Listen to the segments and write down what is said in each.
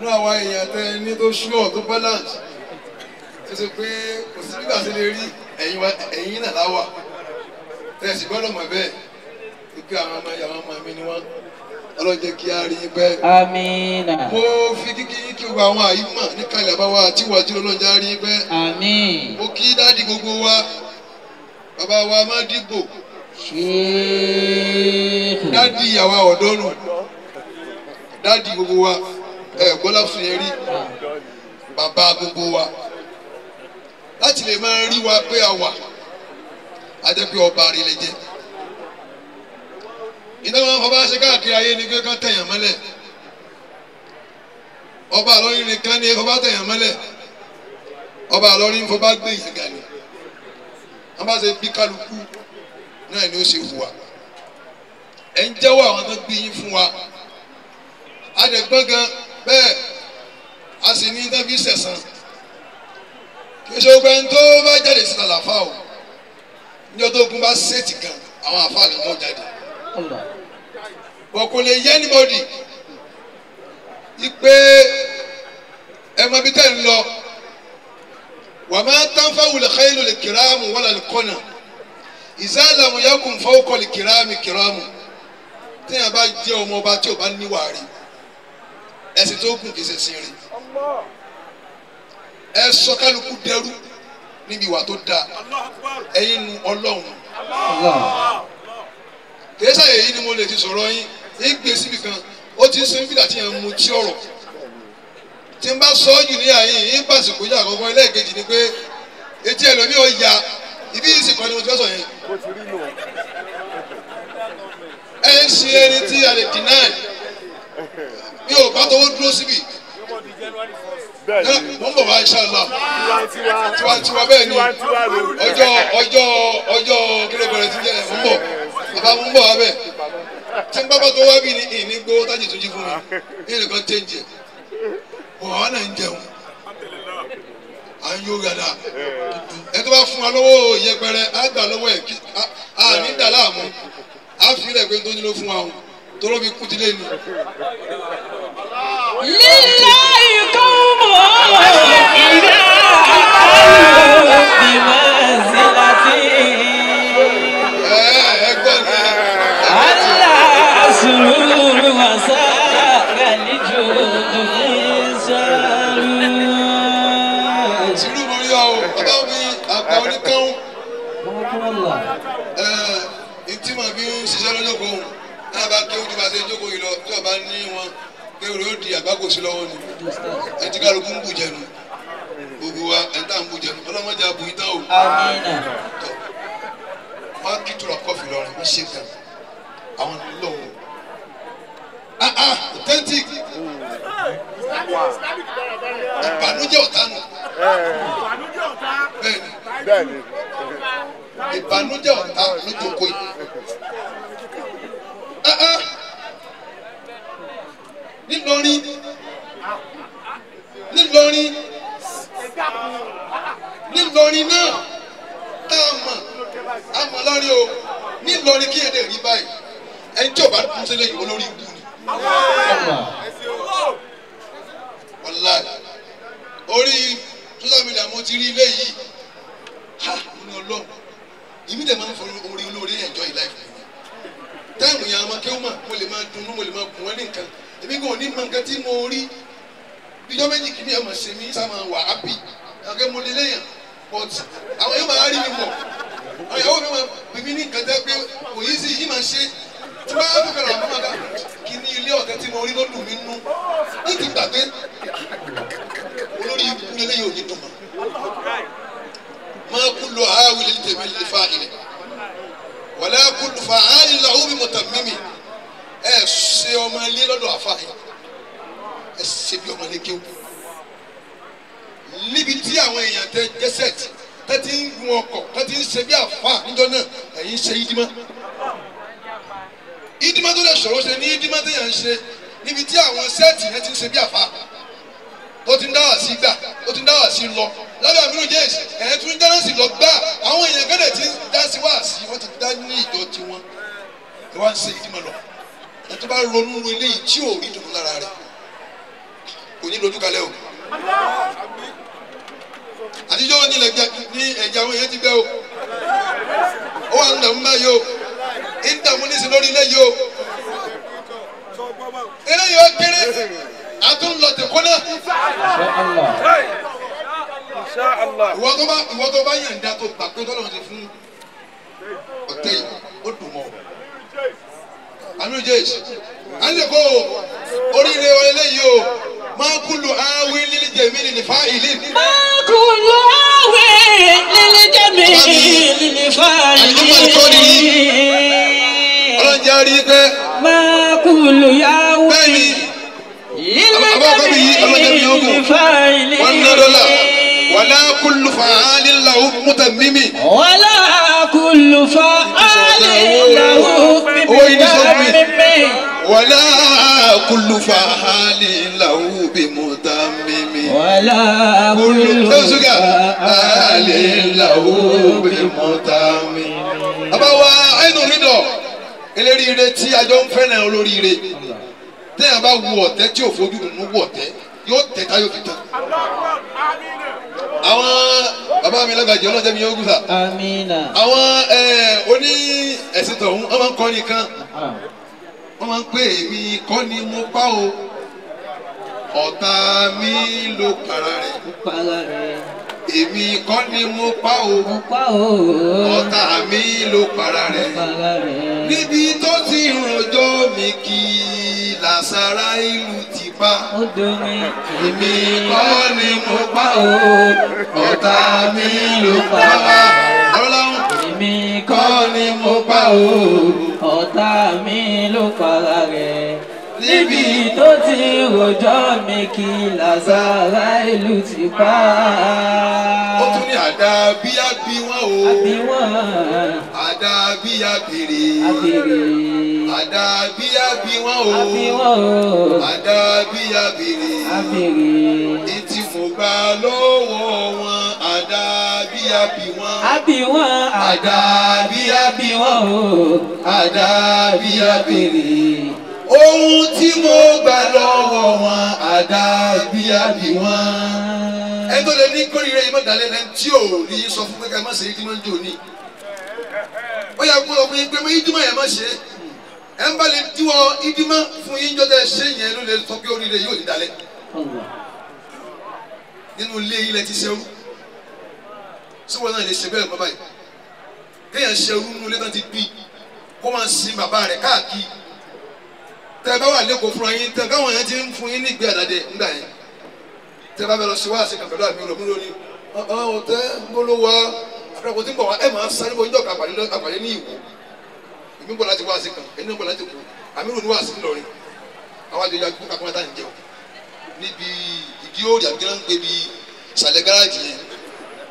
nínú àwọn èèyàn tẹ ní tó ṣúọ̀ tó balance tó ṣe pé kò sí nígbà tí lè rí ẹ̀yìn náà láwà tẹ̀ sí gbọ́dọ̀ mọ̀ bẹ́ẹ̀ ìpè àwọn ọmọ ìyàwó ọmọ mi ni wọ́n ọlọ́jẹ́ kí a rí pẹ́. àmín. mo fi kíkí kí o gba àwọn àyíkmọ̀ níkàlẹ̀ àbáwá àti ìwàjú ọlọ́jà rí pẹ́. àmín. mo kí dáàdi gbogbo wa bàbá wa má dìbò. dáàdi ìyàwó ọ̀dọ́rùn dáàdi gbogbo wa ẹ eh, gbọ́dọ̀ fún yẹn rí bàbá gbogbo wa láti lè máa rí wa pé a wà àjẹpẹ́ ọba rẹ̀ lè jẹ́ iná wọn fọba ṣe káàkiri ayé ni kí wọn tẹ̀yàn mọ́lẹ̀ ọba àlọ́rin nìkan ni fọba tẹ̀yàn mọ́lẹ̀ ọba àlọ́rin fọba gbé ìsìnkà ni wọn bá ṣe bí kálukú náà ni ó ṣe hùwà ẹ̀ ń jẹ́wọ́ àwọn tó gbé yín fún wa adẹ̀gbọ́n gan bẹ́ẹ̀ a sì ní tẹ́bí sẹ̀sán kí ṣe gbogbo ẹni tó bá jáde sí àlàfà o níjọ́ tó gun bá ṣètì kan àwọn àfa lè mọ́ jáde wọ́n lè yẹ́ anybody ipe ẹ mọ ibi tẹ́ ń lọ wà máa tán fáwùlẹ̀ xeyìlú lè kìrámù wọ́n lè kọ́nà ìzáàlámù yẹ kùn fọ́wọ́kọ̀ lè kìrámù kìrámù tí yẹn bá jẹ́ ọmọ ọba tí ò bá níwàá ẹ̀sìn tó kù kì í ṣe ẹ sọ kálukú dẹrú níbi ìwà tó dáa ẹ̀yin nu Ọlọ́run kì í ni mo lè ti sọ̀rọ̀ yín yín gbé síbi ó ti ń fìlà tí yẹn ń tí ọ̀rọ̀ tí n bá sọ ọ́ jù ní àyìn yín pàṣípò yà kọ́kọ́ ẹlẹ́ẹ̀kejì ni pé etí ẹlòmíì ó ya ibi ìsìnkú ni mo ti fẹ́ sọ yẹn ẹ ń ṣe ẹni tí a lè deny mi ò bá tọwọ́ dúró síbi mo ń bọ̀ wá inṣàlá tiwantiwa bẹ́ẹ̀ ni ọjọ́ ọjọ́ ọjọ́ kérébẹ̀rẹ̀ ti jẹ́ mo ń bọ̀ bàbá mo ń bọ̀ wá bẹ́ẹ̀ tí n bá bá tó wá bí ni ìní gbó tájì tó jí fún mi ní nìkan tẹ́ ń jẹ wọ́n náà ń jẹun à ń yóò gàdá ẹ tó bá fún wa lọ́wọ́ ìyẹpẹrẹ á gbà lọ́wọ́ ẹ̀ à ní dàlámù á fi rẹ̀ pé tó ní fún wa o tó ló fi kú ti lé ni lílẹ̀ ikú mọ́ ìdá àlọ́ ìmọ̀ ẹ̀sìn láti. السرور وسار الجود يسار sùúrù borí ọ ọba mi àpá oníkàún ẹ ntí màá fi ń ṣiṣẹ́ lọ́jọ́ kan náà bá kéwú ju bá ṣe jókòó yìí lọ tí ọba ní wọn kéwòn yóò di àgbákò sí lọ́wọ́ ni ẹ ti kálukú ń bù jẹnu gbogbo wa ẹ tá ń bù jẹnu ọlọ́mọdé abu yìí tán o. tọ wọn á kí tura kọfì lọrin wọn ṣe kàn àwọn nílò wọn. ah ah authentic ìbànújẹ́ ọ̀tá nù. bẹ́ẹ̀ni ìbànújẹ́ ọ̀tá lójókòó yìí. Ah, ah nílọrin nílọrin nílọrin náà tá a mọ̀ a mọ̀ lọ́rí o nílọrin kí èdè rí báyìí ẹni tí ò bá tún sílẹ̀ yìí olórí ikú ni. ọ̀la orí social media ti rí ilé yìí ha nínú ọlọ́run ìmí dẹ̀ máa ń fọwọ́ orí olórí enjoy life táìmù yẹn a máa kéwọ́n mà mo lè máa dunnú mo lè máa kún wọ́n ní nǹkan èmi kò ní mọ nǹkan tí mo rí ìjọ́ méjì kìíní ẹ̀ mọ̀ ṣe mí sá máa wà happy ọ̀gẹ́ mo lè léyàn but àwọn yóò máa rí mi mọ̀ àwọn ìyàwó mi máa pè mí ní nǹkan tẹ́ pé kò yí sí yìí máa ṣe tí wọ́n á fẹ́ràn àwọn ọmọdé kí ní ilé ọ̀tẹ́ tí mo rí ló dùn mí nú ní ti gbàgbé olórí ilé yóò ní dùn mọ́ máa kú lọ àáwìlì tèmi lè fa ilẹ̀ wàlá kú fa àálì làwọn mi mọ̀ tàmí mi ẹ ṣe ọmọ ilé lọ́dọ̀ àfa yìí ẹ ṣe bí ọmọ ilé kéwù níbi tí àwọn èèyàn tẹ jẹsẹ̀ tì tẹ́tí ń gun ọkọ̀ tẹ́tí ń ṣe bí àfa níjọ́ náà ẹ̀yin ṣe ìdímá ìdímá tó lè sọ̀rọ̀ ṣe ní ìdímá tó yàn ń ṣe níbi tí àwọn sẹ́ẹ̀tì yẹn ti ń ṣe bí àfa ó ti ń dá wà sí gbà ó ti ń dá wà sí lọ lábẹ́ àmínú james ẹ̀yìn tún dáná sí lọ gbà àwọn èèyàn gẹ́gẹ́ ti ń dá sí wá sí wọ́n ti dá ní ìjọ tiwọn ẹ̀ wá ń ṣe ìdímá lọ ẹni tó bá ronú ru eléyìí tí ò rí dùnú lára rẹ̀ kò ní lójú kalẹ̀ o àtijọ́ ní ẹ̀jẹ̀ àwọn èèyàn ti bẹ́ o ó wà ń dààmú báyìí o ń dààmú nísìn lórí ilé yìí o eléyìí ó kéré àtúntò kọ́nà ìwọ tó bá yàn dá tó gbà pé tọ́lọ́run ti fún ọ̀tẹ̀ Abdul Jaysh alẹ́kọ̀ oríire wọn eléyìí o máa kúlù áwí lílí jẹ̀mí ní nífa ìlí. máa kúlù áwí lílí jẹ̀mí ní nífa ìlí. ọlọ́njẹ́ rí i pé. máa kúlù yáwó. bẹ́ẹ̀ni àbáwọ̀ kọ́ mi yí ọlọ́njẹ́ mi yóò wàlá kúlù fàálì làwọn múta mímì. wàlá kúlù fàálì làwọn mímì. wàlá kúlù fàálì làwọn bímúta mímì. wàlá kúlù fàálì làwọn bímúta mímì. àbáwá ẹnu rí dọ̀ eléríire tí ajọ́ ń fẹ́ràn olóríire téèyàn bá wu ọ̀tẹ́ tí ò fojú nínú wu ọ̀tẹ́ yóò tẹ̀ tá yóò fi tán àwọn bàbá mi lágbàjẹ́ ọlọ́jẹ́ mi yóò gùn sà. àwọn oní ẹ̀sìn tọ̀hún wọ́n máa ń kọ́ nìkan wọ́n máa ń pè mí kọ́ ni mo pa o ọ̀tá mi ló para rẹ̀. èmi kọ́ ni mo pa o. ọ̀tá mi ló para rẹ̀. níbi tó ti rànjọ́ mi kì í ìlú pa. Èmi kọ́ ni mo pa o, ọ̀tá mi ló pa wá. Ọlọ́run. Èmi kọ́ ni mo pa o, ọ̀tá mi ló para rẹ̀. Níbi tó ti rojọ́ mi kí Lazara ìlú ti pa. Ó tún ní àdá bíyá o. àbí wọ́n. àdá bí abèrè. abèrè. àdá bí abí wọ́n o. àbí wọ́n o. àdá bí abèrè. abèrè. etí mo gbà lọ́wọ́ wọn àdá bí abí wọ́n. abí àdá bí abí wọ́n o. àdá bí abèrè. ohun tí mo gbà lọ́wọ́ wọn àdá bí abí wọ́n ẹ tó lè ní kórìíra yìí má dalẹ̀ lẹ́nu tí ò rí sọ fún pé ká má ṣe é dímọ̀ jò ní. ó yà kó lọ yín pé mo ìdímọ̀ yẹn má ṣe é ẹ ń bá lè díwọ́ ìdímọ̀ fún yín jọ́tẹ̀ ṣé yẹn ló lè sọ pé oríire yóò ní nínú ilé ilẹ̀ ti ṣerú síwọ́n náà lè ṣe bẹ́ẹ̀ bàbá yìí kéèyàn ṣerú nínú ilé náà ti bí kó máa sin bàbá rẹ̀ káàkiri tẹ bá wà lẹ́kọ̀ọ́ fún tẹ́ bá bẹ lọ sí ah, ah, wá sí kàfẹ́ lọ́wọ́ mi ròmú lórí ọ̀hún tẹ́ gbólóhùn wa àdàkùn tí ń bọ̀ wá ẹ̀ máa sáré wọ́n jọ̀ka àpàdé ní ìwò èmi ń bọ̀ láti wá sí kan ẹni ń bọ̀ láti kú àmì ròmú wá sí ńlọrin àwọn àjọ ìyá kúkà kúmọ̀tà ń jẹun níbi ìdí òòrì àbí ń gbé bi sàlẹ̀ gáràjì yẹn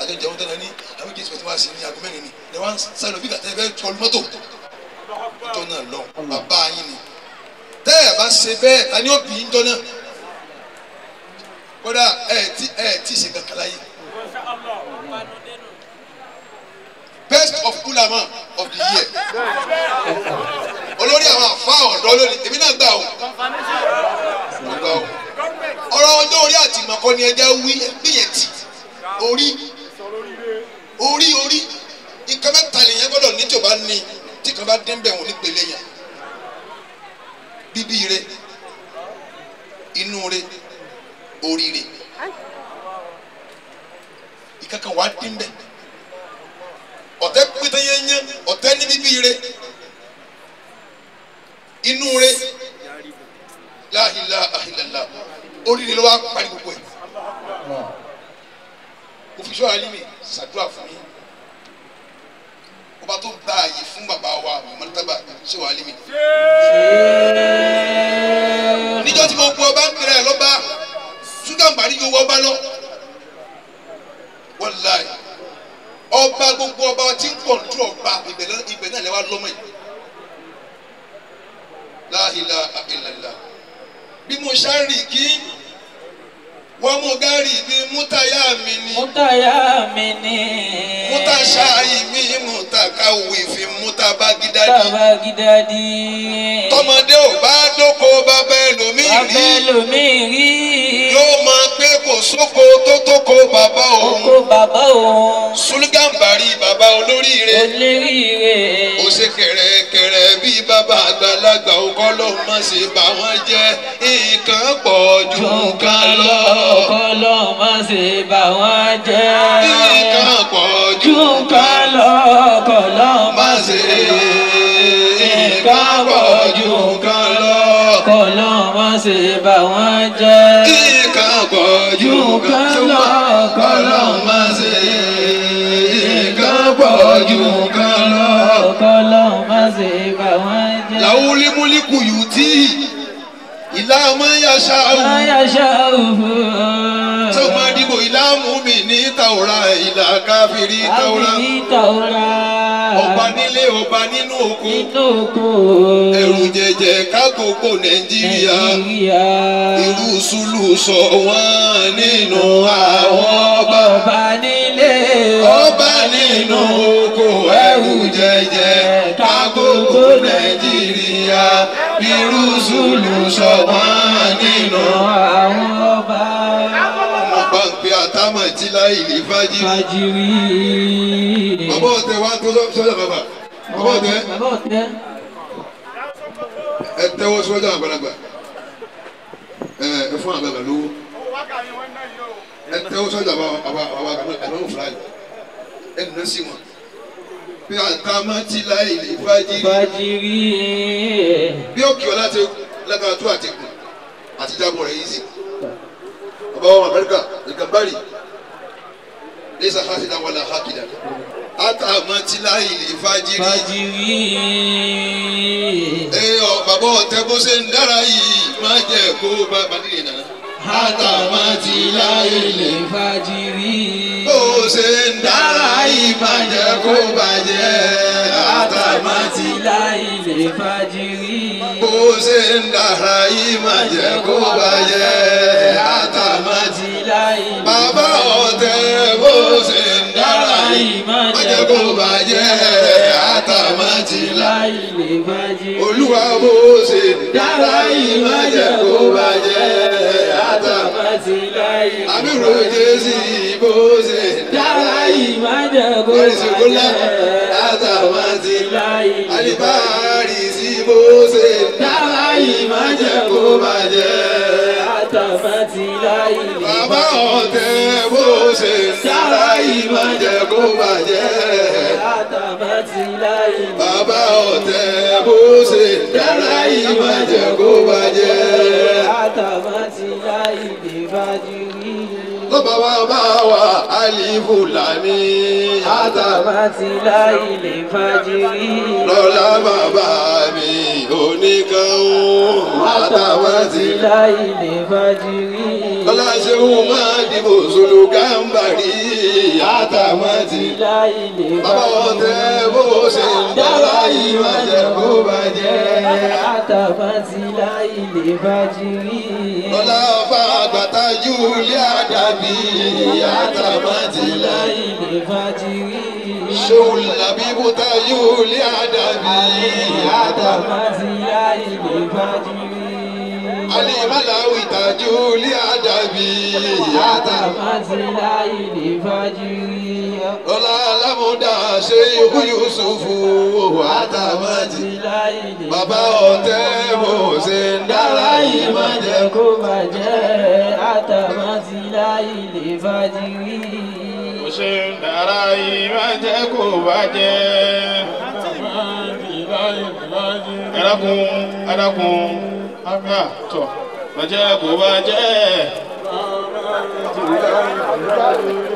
àjọ ìjẹun tẹ́lẹ̀ ní àwọn jésù pẹ̀tẹ́ wá sí ní aago mẹ́rin ni lè wá ń sáré lọ bí gàtẹ́ fẹ́ tọ́lu mọ́tò tó náà lọ bàbá yín kódà ẹ ti ẹ ti ṣe kankan láyé. best of ulama of the year olórí àwọn àfa ọ̀dọ́ lónìí èmi náà gbà o gbà o ọ̀rọ̀ ọjọ́ orí àti ìmọ̀kọ́ ni ẹja wí gbìyànjú orí orí orí nǹkan mẹ́ta lèyàn gbọ́dọ̀ ní tí o bá ní tí kan bá dé ń bẹ̀ wọ́n nípele yẹn bíbí rẹ inú rẹ oríire ìkankan wàá dín bẹ ọ̀tẹ̀ pété yẹnyẹ ọ̀tẹ̀ ní bíbí ire inú re láhìlá àhìlàlá oríire ló wá parí gbogbo ẹ òfìsọ alimi ṣàdúrà fún yín ọba tó gba àyè fún bàbá wa mọ̀nàtàbà ṣé wàá alimi. níjọ́ tí mo gbọ́ bá ń kiri lọ́ buhari yóò wá ọba lọ wàláhì ọba gbogbo ọba tí ń kọ̀ǹtú ọba ibẹ̀ náà lẹ́wà lọ́mọ yìí la ilaha illallah bí mo ṣáàrì kí wọ́n mú gárì bí mútayá mi ni. mútayá mi ni. mútaṣáàyí mi mútakáwé fi mútabágídádì. mútabágídádì. tọmọdé ò bá dóko bàbá ẹlòmíì rí. bàbá ẹlòmíì rí sóko tó tóko bàbá òun. oko bàbá òun. Sùlùgàǹbàrí bàbá olóríire. olóríire. ó ṣe kẹrẹkẹrẹ bí bàbá àgbàlagbà ọkọ lòun má ṣe bá wọn jẹ nǹkan pọ̀ ju nǹkan lọ. ọkọ lòun má ṣe bá wọn jẹ. nǹkan pọ̀ ju nǹkan lọ. ọkọ lòun má ṣe nǹkan pọ̀ ju nǹkan lọ. ọkọ lòun má ṣe bá wọn jẹ pọ̀ jù kan lọ kọ́lọ́ má ṣe nǹkan pọ̀ jù kan lọ kọ́lọ́ má ṣe bà wọ́n jẹ́. làwọn olímúlíkù yìí tí ìlà máa ń yàṣà òhun ìlà mùmíní tàwùrà ìlà káfírí tàwùrà. káfírí tàwùrà. ọba nílé ọba nínú oko. nínú oko. ẹ̀rù jẹjẹ kákòókò nàìjíríà. nàìjíríà. irú sùlù sọ wọ́n nínú àwọn ọba. ọba nílé ọba nínú oko ẹ̀rù jẹjẹ kákòókò nàìjíríà. irú sùlù sọ wọ́n nínú àwọn. ìlì fájì. fájìrì. bàbá ọ̀tẹ wa tó sọ́jà bàbá. bàbá ọ̀tẹ. bàbá ọ̀tẹ. ẹ tẹ́wọ́ sọ́jà àgbàlagbà. ẹ ẹ fún àgbàlagbà lówó. ẹ tẹ́wọ́ sọ́jà àwa àdánwò fúláyà. ẹ nà sí wọn. bí àtàmátì láì lè fájìrì. fájìrì. bí òkè ọ̀la ti lágbára tó àtẹkùn àti jábọ̀ rẹ̀ yìí sí. bàbá wa Amẹ́ríkà ìkàmbárì lẹ́sà hásìdá wàlà hákìdá àtàmọ́tíláì lè fàjìrì. fàjìrì. ẹ ọ bàbá ọ̀tẹ bó ṣe ń dára yìí má jẹ́ kó bá bàdìrì nà. àtàmọ́tíláì lè fàjìrì. bó ṣe ń dára yìí má jẹ́ kó bàjẹ́. àtàmọ́tíláì lè fàjìrì. bó láì má jẹ́ kó bàjẹ́ àtàmátìlá olúwa bó ṣe dá láì má jẹ́ kó bàjẹ́ àtàmátìlá àbúrò jésì bó ṣe dá láì má jẹ́ kó bàjẹ́ àtàmátìlá àlìbáàrí sí bó ṣe dá láì má jẹ́ kó bàjẹ́. jẹ́ bó ṣe sára ìmọ̀ jẹ́ kó bàjẹ́. bàbá ọ̀tẹ̀ bó ṣe dára ìmọ̀ jẹ́ kó bàjẹ́. Lọ́ba wa bá wa àlìfù lànì. Àtàbátìlá ilé fàjírí. Lọ́la bàbá mi oníkan àtàwọn ti. láì lè fàjírí. ọlọ́ṣẹ́hùn máa dìbò solo gàmbàrí àtàwọn ti. láì lè fàjírí. bàbá ọ̀tẹ̀ bó ṣe ń dára yìí má jẹ́ kó bàjẹ́. àtàwọn ti láì lè fàjírí. ọlọ́fà àgbàtà júlíà dàbí àtàwọn ti láì lè fàjírí ṣéwù làbíbù tá yóò lé àdàbí. àdàbà ti yá ìlú bájúrí. alimalawi tá yóò lé àdàbí. àdàbà ti ọlá alámúdá ṣe ikú Yusufu àtàmọ́tì bàbá ọ̀tẹ́ mo ṣe ń dára yìí má jẹ́ kó bàjẹ́ àtàmọ́tì láì lè fàjìrì. mo ṣe ń dára yìí má jẹ́ kó bàjẹ́ àtàmọ́tì láì lè fàjìrì. ẹ̀rọ̀kùn ẹ̀rọ̀kùn áfíà tọ̀ bàjẹ́ kó bàjẹ́. Thank you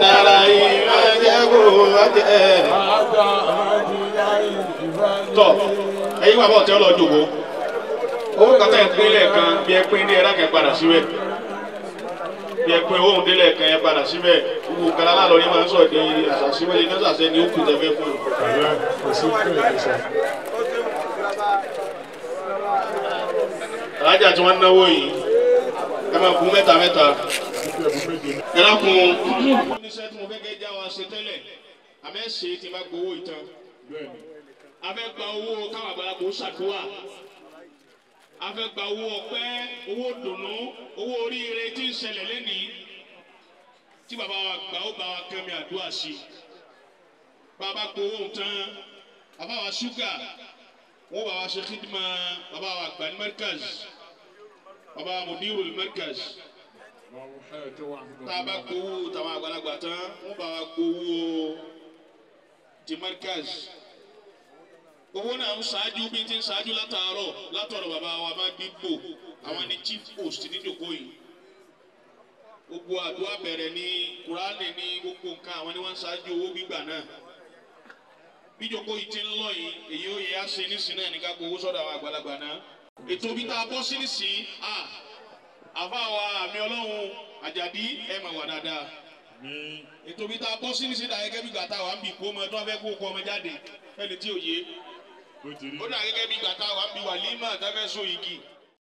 nàràyìn máa jẹ́ kó wá jẹ́. tọ ẹyin owó kata ẹ pín lẹ́ẹ̀kan bí ẹ pín ní ẹrá kẹ padà síbẹ̀ bí ẹ pín owó délẹ̀ kan ẹ padà síbẹ̀ gbogbo kala lálọ ní máa ń sọ èdè àṣàṣìwé ní kásàṣẹ ni ó kù tẹ́fẹ́ fún un. alájà tí wọ́n náwó yìí ẹ máa kú mẹ́ta mẹ́ta ẹ dákun oníṣẹ́ tí mo fẹ́ kẹ́ já wa ṣe tẹ́lẹ̀ àmẹ́ ṣe tí bá gbowó ìtàn àfẹ́ gba owó káwọn àgbàlagbò ṣàdúrà àfẹ́ gba owó ọpẹ́ owó dùnú owó oríire tí ń ṣẹlẹ̀ lẹ́nìí tí bàbá wa gbà ó bá wa kẹ́mi àdúrà sí i bàbá gbowó tán bàbá wa ṣúgà wọn bá wa ṣe kídìmá bàbá wa gbani markaz bàbá mudirul markaz tá a bá gbowó táwọn àgbàlagbà tán wọ́n bá wa gbowó ti markaz owó náà ń ṣáájú bí ti ń ṣáájú látàárọ̀ látọ̀rọ̀ bàbá wa má gbígbò àwọn ni chief post nídòkó yìí gbogbo àdúrà bẹ̀rẹ̀ ní kuraani ní gbogbo nǹkan àwọn ni wọ́n ń ṣáájú owó gbígbà náà bíjòkó yìí ti ń lọ yìí èyí ó yẹ á ṣe nísìnyí náà ní ká gbowó sọ́dọ̀ àwọn àgbàlagbà náà ètò bí tá a bọ́ sí nísìnyí àfáwa àmì ọlọ́run àjàdí ẹ máa wà dáadáa. ètò ibi tá a bọ́ sí ní sídà gẹ́gẹ́ bí gbàtà wà ń bì kó ọmọ tó wọ́n fẹ́ kó kó ọmọ jáde fẹ́ni tí ò yé ó dà gẹ́gẹ́ bí gbàtà wà ń bì wà límà tá fẹ́ so igi.